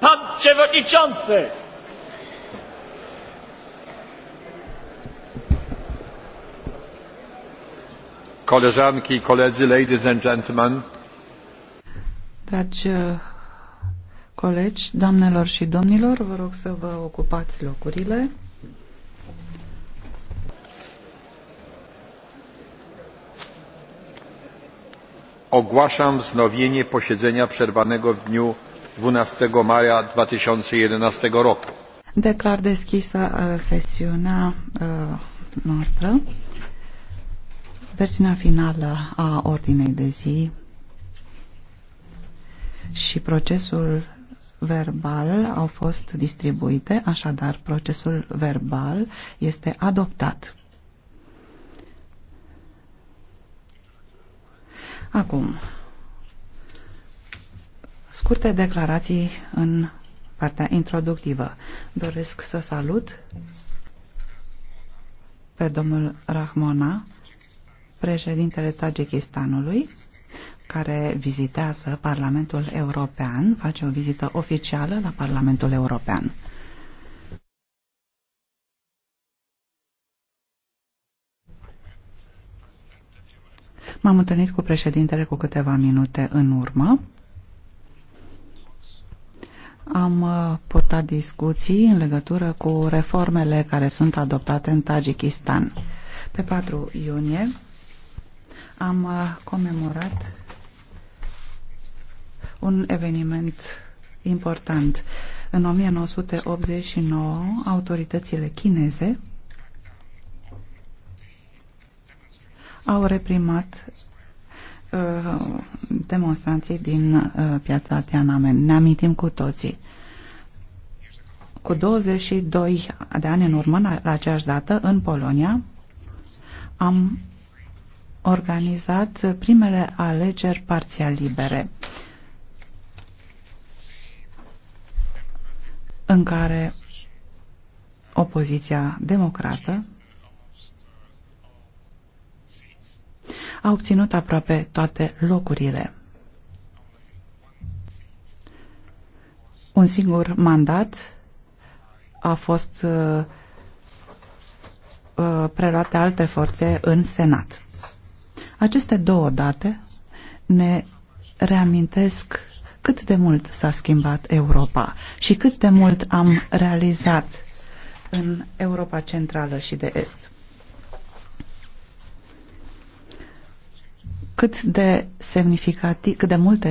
Pan Przewodniczący! Koleżanki i koledzy, ladies and gentlemen. Dragi colegi, doamnelor și domnilor, vă rog să vă ocupați locurile. Ogłaszam wznowienie posiedzenia przerwanego w dniu 12 maia 2011 roku. Declar deschisă uh, sesiunea uh, noastră. Versiunea finală a ordinei de zi și procesul verbal au fost distribuite, așadar procesul verbal este adoptat. Acum, scurte declarații în partea introductivă. Doresc să salut pe domnul Rahmona, președintele Tajikistanului, care vizitează Parlamentul European, face o vizită oficială la Parlamentul European. M-am întâlnit cu președintele cu câteva minute în urmă am uh, purtat discuții în legătură cu reformele care sunt adoptate în Tajikistan. Pe 4 iunie am uh, comemorat un eveniment important. În 1989, autoritățile chineze au reprimat Uh, demonstranții din uh, piața Tiananmen. Ne amintim cu toții. Cu 22 de ani în urmă, la aceeași dată, în Polonia, am organizat primele alegeri parțial libere în care opoziția democrată a obținut aproape toate locurile. Un singur mandat a fost uh, uh, preluat de alte forțe în Senat. Aceste două date ne reamintesc cât de mult s-a schimbat Europa și cât de mult am realizat în Europa Centrală și de Est. cât de semnificativ, cât de multe